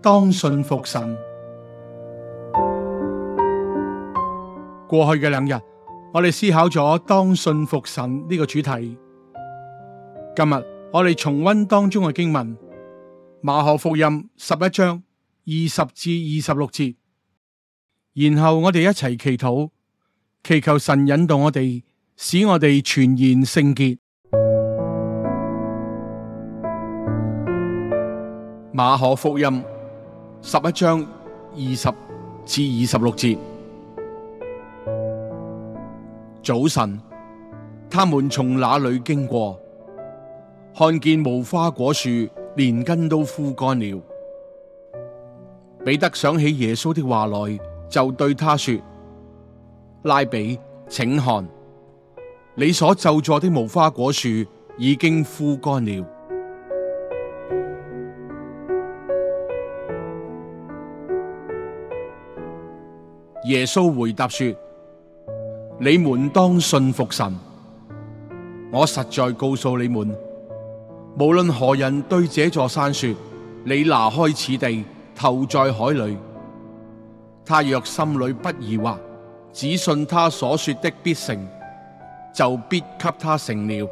當信服神。過去嘅兩日，我哋思考咗當信服神呢個主題。今日我哋重温當中嘅經文，馬可福音十一章二十至二十六節，然後我哋一齊祈禱，祈求神引導我哋，使我哋全然聖潔。馬可福音。十一章二十至二十六節。早晨，他們從那裏經過，看見無花果樹連根都枯乾了。彼得想起耶穌的話來，就對他說：拉比，請看，你所咒詛的無花果樹已經枯乾了。耶穌回答說：你們當信服神。我實在告訴你們，無論何人對這座山說：你拿開此地，投在海裏，他若心裏不疑惑，只信他所說的必成，就必給他成了。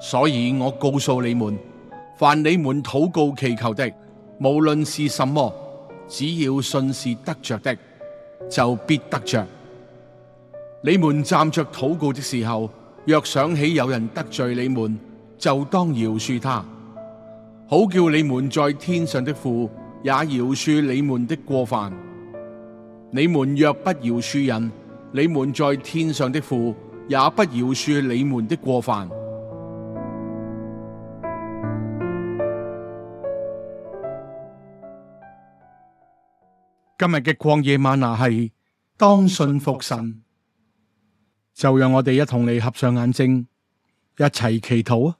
所以我告訴你們，凡你們禱告祈求的，無論是什麼，只要信是得着的，就必得着。你們站着禱告的時候，若想起有人得罪你們，就當饒恕他，好叫你們在天上的父也饒恕你們的過犯。你們若不饒恕人，你們在天上的父也不饒恕你們的過犯。今日嘅曠野嗎哪係當信服神，就讓我哋一同嚟，合上眼睛，一齊祈禱啊！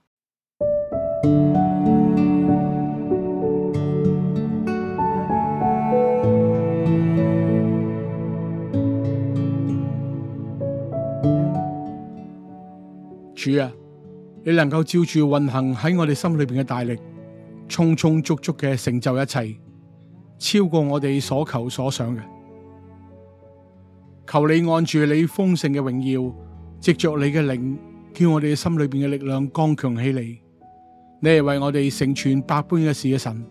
主啊，你能夠照住運行喺我哋心裏邊嘅大力，充充足足嘅成就一切，超過我哋所求所想嘅，求你按住你豐盛嘅榮耀，藉着你嘅靈，叫我哋嘅心裏面嘅力量剛強起嚟。你係為我哋成全百般嘅事嘅神。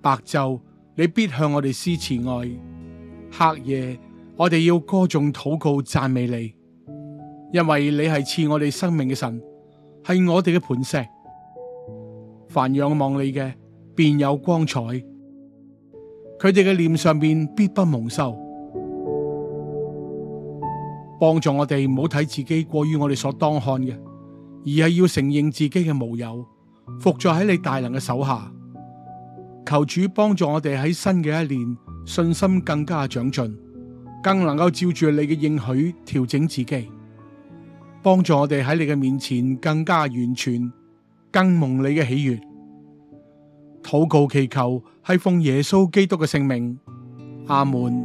白晝你必向我哋施慈愛，黑夜我哋要歌頌禱告讚美你，因為你係賜我哋生命嘅神，係我哋嘅磐石。凡仰望你嘅，便有光彩。佢哋嘅臉上面必不蒙羞。幫助我哋唔好睇自己過於我哋所當看嘅，而係要承認自己嘅無有，服在喺你大能嘅手下。求主幫助我哋喺新嘅一年，信心更加長進，更能夠照住你嘅應許調整自己，幫助我哋喺你嘅面前更加完全，更蒙你嘅喜悅。禱告祈求係奉耶穌基督嘅聖名，阿門。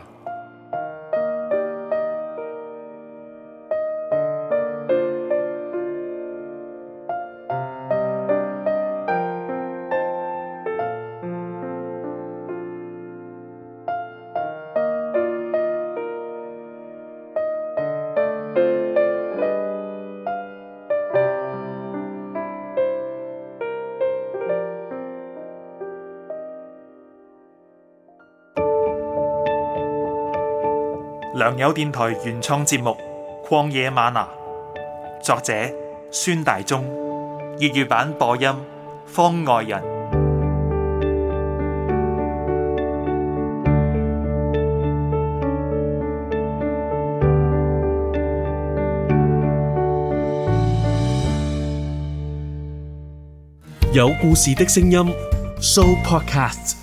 良友電台原創節目《曠野嗎哪》，作者孫大中，粵語版播音方外人，有故事的聲音，Show Podcast。